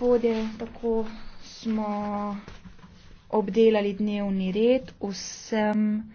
gospodje, tako smo obdelali dnevni red vsem.